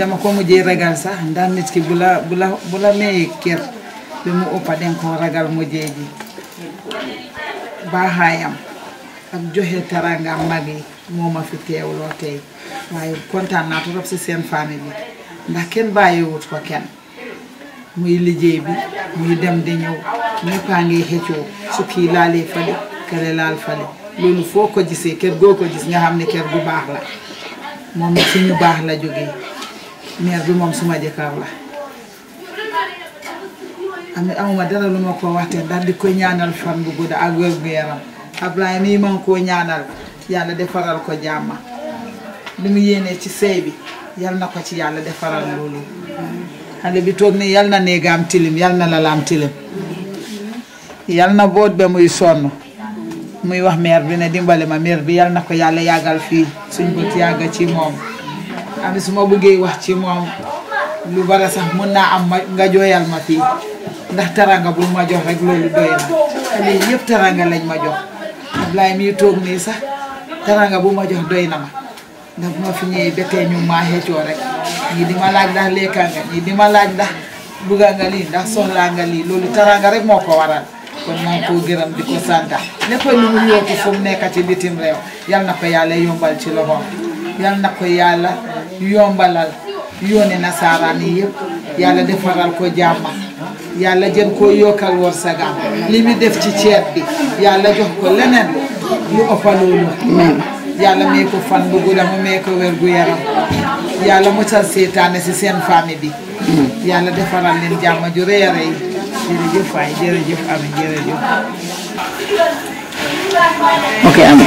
S3: dama ko mujjee ragal sax ndax nit ki bula, bula bu la bu la mayee kër bi mu ëppa den koo ragal mujjee ji baaxaayam ak joxe teraanga mag yi moo ma fi teewloo tey waaye kontaan naa trop si seen famille bi ndax kenn bàyyiwut ko kenn muy liggéey bi muy dem di ñëw ñëppaa ngi xëccoo su kii laalee fale kële laal fale loolu foo ko gisee kër goo ko gis nga xam ne kër gu baax la moom suñu baax la jógee meer bi moom suma jëkkër la am amuma dara lu ma ko waxte ndax di ko ñaanal fan bu gudda ak wér gu yaram Ablaye mii ma ngi koo ñaanal yàlla defaral ko jàmma li mu yéenee ci sëy bi yal na ko ci yàlla defaral loolu xale bi toog ne yal na néegam tilim yal na lalaam tilim yal na boot ba muy sonn muy wax meer bi ne dimbali ma meer bi yàlla na ko yàlla yàggal fii suñ bët yàgga ci moom am su ma bëggee wax ci moom lu bare sax mën naa am ma nga jooyal ma fii ndax taranga bu ma jox rek loolu doy na xale yëpp taranga lañ ma jox Ablaye mii toog nii sax taranga bu ma jox doy na ma ndax bu ma fi ñëwee ba tey ñu maa xeecoo rek ñii di ma laaj ndax lekka nga ñii di ma laaj ndax bugga nga lii ndax soxlaa nga lii loolu taranga rek moo ko waral kon maa ngi koo gërëm di ko santa lépp lu mu yokku fu mu nekk ci bitim réew yal na ko yàlla yombal ci loxoom yal na ko yàlla yombalal yooni nasaraan yi yëpp yàlla defaral ko jàmma yàlla jën koo yokkal war sagaam li def ci ceet bi yàlla jox ko leneen lu ëpp loolu yàlla may ko fan bu gudda mu may ko wér gu yaram yàlla musal seytaane si seen famille bi yàlla defaral leen jàmma ju rëy a rëy jërëjëf waay
S7: ok Ami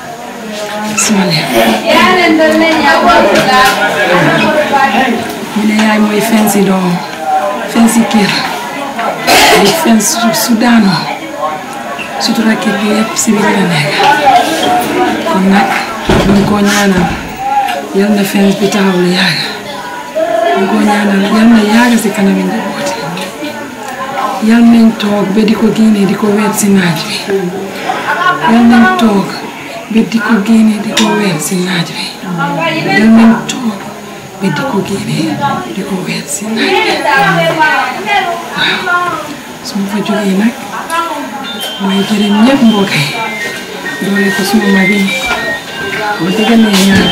S13: mine yaay mooy fensi doo fensi kër ay fens su daanoo sutura kër gi yëpp si biir la nekk kon nag ñu ngi koo ñaanal yal na fens bi taxaw lu yàgg ñu ko ñaanal yal na yàgg si kanami njabooti yal nañ toog ba di ko génnee di ko weer si naaj bi yal nañ toog ba di ko génnee di ko weer si naaj bi dal nañ toog ba di ko génnee di ko weer si naaj bi waaw su mooy jërëm ñëpp mbokk doole ko suma mag yi bu dëgg ne ñaar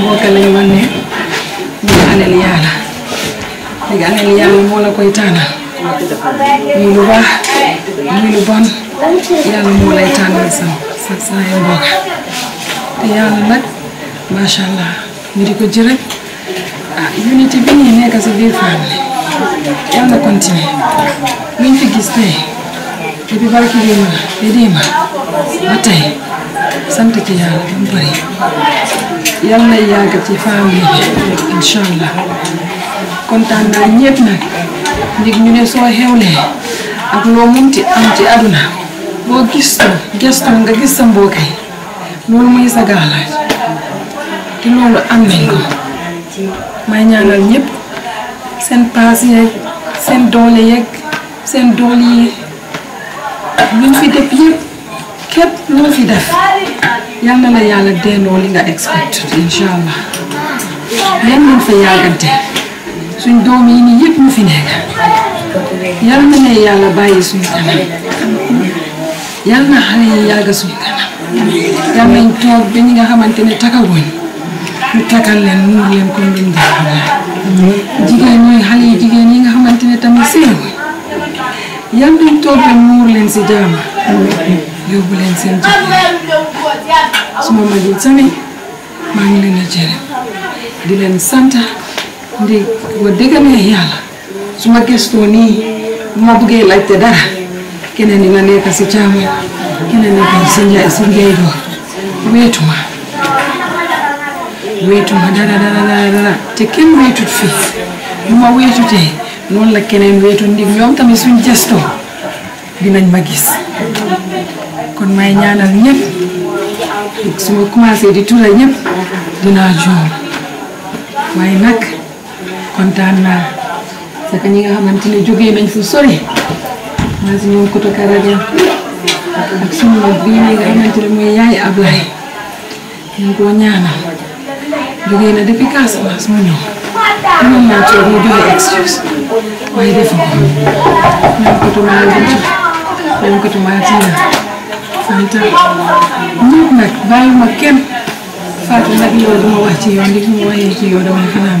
S13: mbokk lañ wan ne ñu alal yàlla léegi alal yàlla moo la koy tànnal lu baax ñu lu bon yàlla moo lay tànnal sa saay mbokk te yàlla nag macha allah ñu di ko jërëj ah unité bi ñuy nekk si biir famille yàlla na continuer luñ fi gis tey te bi barki déema la te déema ba tey sant ci yàlla ba mu bëri yàlla na yàgg ci famille bi incha allah kontaan naa ñëpp nag ndig ñu ne soo xewlee ak loo mën ci am boo gistoo gestoo nga gis sa mbookaay loolu mooy sa gaalaaj te loolu am nañ ko may ñaanal ñëpp seen paas yeeg seen doole yeeg seen dool yi luñ fi def yëpp képp loo fi def yal na la yàlla delloo li nga expect incha allah leen nañ fa yàggante suñ doom yi nii yëpp ñu fi nekk yal na ne yàlla bàyyi suñu kanam yal na xale yi yàgg suñu kanam yal nañ toog ba ñi nga xamante ne takawuñ ñu takkal leen muur leen comme duñ def jigéen ñooy xale yi jigéen yi nga xamante ne tamit seen yal nañ leen si jaama yóbbu leen seen jigéen su ma majul sami maa ngi di leen sant ndi wa dëgg ne yàlla su ma gëstoo nii bu ma bëggee laajte dara kene ndinganeka setyamwe kene ndingasenja isilgeiro wethuma wethuma dadadadadadada te ken wetut fi luma wetute noonu la keneen weetu ndig ñoom tamit suñ gestoo dinañ ma gis kon may ñaanal ñëpp su ma commencé di tural ñëpp dinaa joom waaye nag kontaan naa parce que ñi nga xamante ne jógee nañ fu sori masih nah. mau ko takara ja ak suñu mag bi ñi nga xamante ne mooy yaay ablaye ñu ko ñaanal jógee na depuis casamance excuse waaye defu ko mau kutuk tumaa buntu mau kutuk tumaa tina fanta ñëpp nag bàyyi ma kenn faatu nag udah mau wax ci yoon li mu waxee ci yow dama xanaam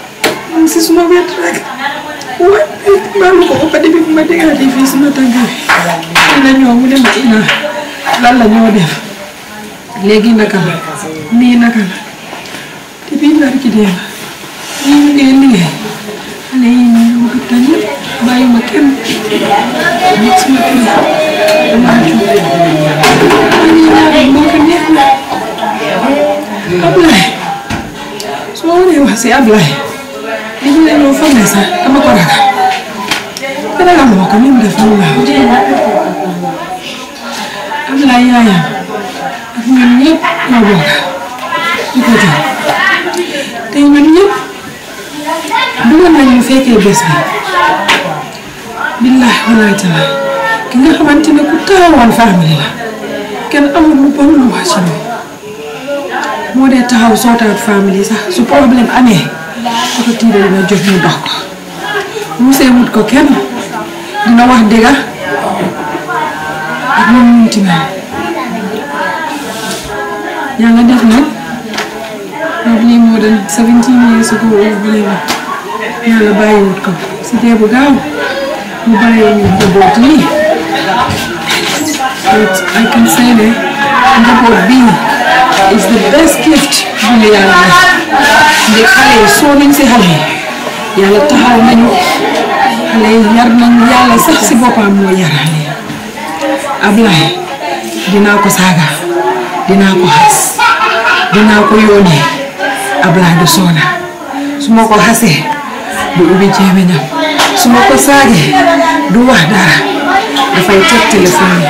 S13: sisi mwa vya traka mbalo kwa kupati bi kuma de gari fi sima tanga ina nyo ngule ina lalla nyo de legi nakal, kala nakal, na kala tibi na ki de ni nge ni nge ale ni nyo bitani bayu makem ni sima tanga ma ju ni na se loolu foog na sax dama ko ragal dama ragal ma ko ni mu def lu baax am na yaayam ak ñun ñëpp ñoo bokk di ko jël tey ñun ñëpp bëggoon nañu mu fekkee bés bi billaah walaay talaay ki nga xamante ne ku taxawoon famille la kenn amul lu bon lu wax ci moom moo dee taxaw sootaat famille sax su problème amee. oto tiiɗo ɗum e jofni bakko muse mum ko keno ɗino wahdega ak mum mumtima yanga def noon robli moɗon seventine years ago roblima yalla bayiwot ko si deebo gaaw mo bayiwoni njaboot but i can say ne njaboot bii is the best gift bu su ma ko xasee du ubbi jéeméñam su ma ko saagee du wax dara dafay teg téléphone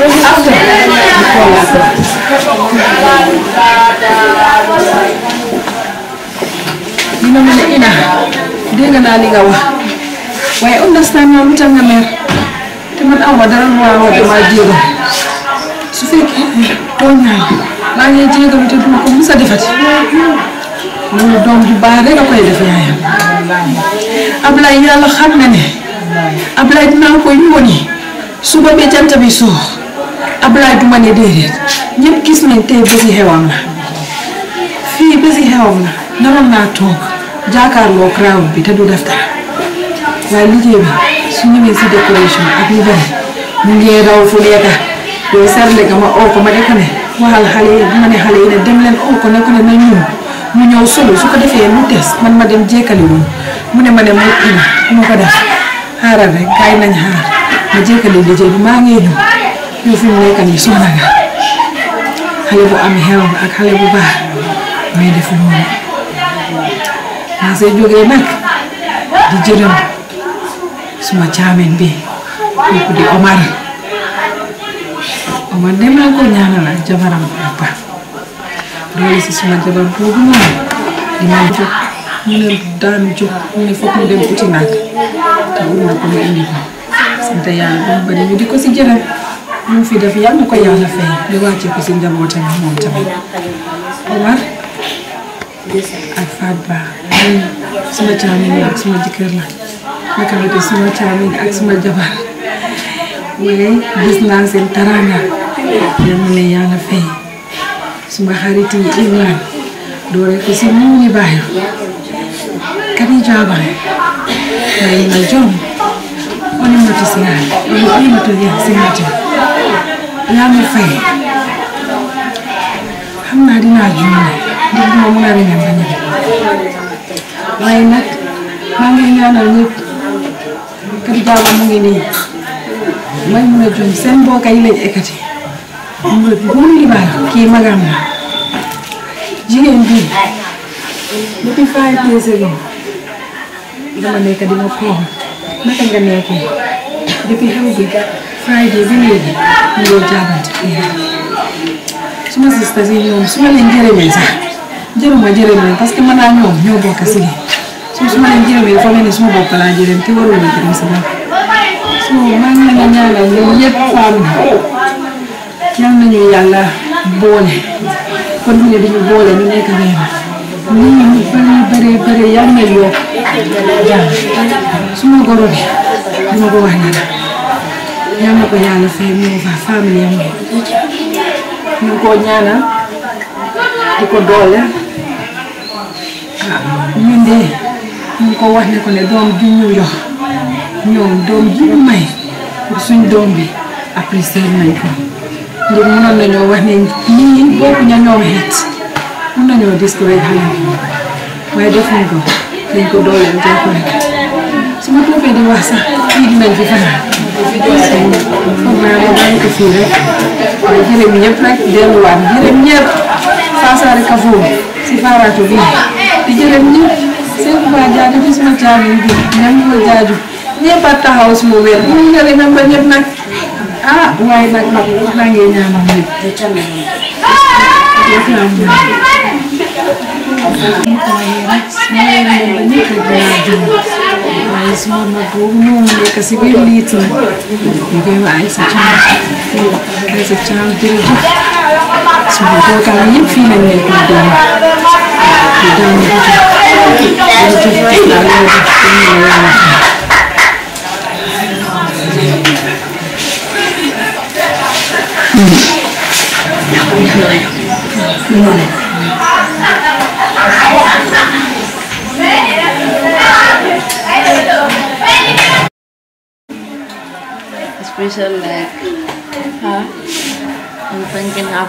S13: yi after du ko laata dina ma ne ina dégg naa li nga wax waaye understand naa tax nga mer te man aw dara lu waa wax damaa jéego su fekkee tooñ naa maa ngi jéego te du ko musa defati loolu doom ju baax rek a def yaayam Ablaye xam na ne ko suba bi jant bi ma ne ñëpp gis nañ tey bési xewam la fii bési xewam la naroon naa toog jàkkaarloo crowd bi te du def dara waaye liggéey bi su ñëwee si décoration ak lu bëri mu ngi raw fu nekka yooyu sarle ko ma ne ma dem leen oo na ñun mu ñëw su ko defee mu man ma dem jekkali woon mu ne ma ne mu ina mu ko def xaaral rek kaay nañ xaar ma jekkali liggéey bi maa ngi ñëw yow fi mu nekk nii sonn nga xale bu am xew ak xale bu baax mooy def loolu maa see jógee nag di jërëm suma caamen bi kooku di Omar Omar dem naa ko ñaanal ak ya, jabaram papa loolu si suma jabar boobu di dinaa jóg ñu ne daan jóg mu ne foog mu dem uti nag te ut na ko indi ko ba ñu di ko si jërëm ñu fi def yàlla ko yàlla fay di wàcce ko si njabootam moom tamit Omar ak Fat Ba sama ya. caamin la ak sama jëkkër la naka la def sama caamin ak sama jabar waaye gis naa seen taranga yàlla ne yàlla fay suma xarit yi Imran doore ko si moom ni bàyyi kari jaaban bàyyi na jom oni matu singaati oni matu ya, singaati ya mefe hamna kan hadi najua ndio mwana nimenyanya waina mangenya ni katika mwingine mai muna jom sembo kai le eh, ekati mbe buni ba ki magana jigen bi depuis five years ago dama nekk dina ko naka nga nekkee depuis xam bi Friday ba léegi ñu ngi jaabante suma sista si ñoom su ma leen jërëmee sax jërëma jërëmee parce que man naa ñoom ñoo bokk si lii su ma leen jërëmee dafa suma bopp laa jërëm te warul ma ne dañu boole ñu goro bi duma ko wax dara yal ah, na ko yàlla fay di ko doole ñun de ñu ko wax ne ko ne doom ji ñu jox doom ji ñu may suñ doom bi apprécié nañ ko ngir mënoon nañoo wax ne ñii bokku ña ñoom xeet mën nañoo discourage xale bi waaye defuñ ko dañ ko dooleel jàppale su ma toogee di wax sax kii dinañ fi Pemerintahan kefirek Akhirnya minyak lagi dia luar Akhirnya minyak Fasa ada kafu Saya kebajaran itu semua jalan Minyak mau Ini patah haus mobil Ini dari memang minyak nak Ah, wah nak nak nak ini nama minyak Ini kaya, Mas Mamabu não é que se vê lito, né? Vê aí, Eu chama. Aí se Eu de. Se mudou Eu caminho, filha, né?
S11: Thank you.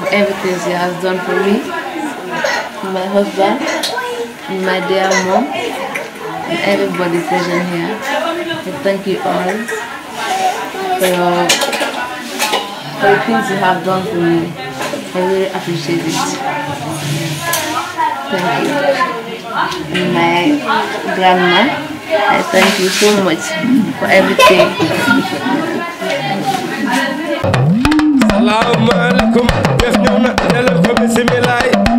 S11: everything she has done for me, my husband, my dear mom, and everybody present here. And thank you all for your, for the things you have done for me. I really appreciate it. Thank you. And my grandma, I thank you so much for
S1: everything. salaamaaleykum def ñëw na delal ko bisimilaay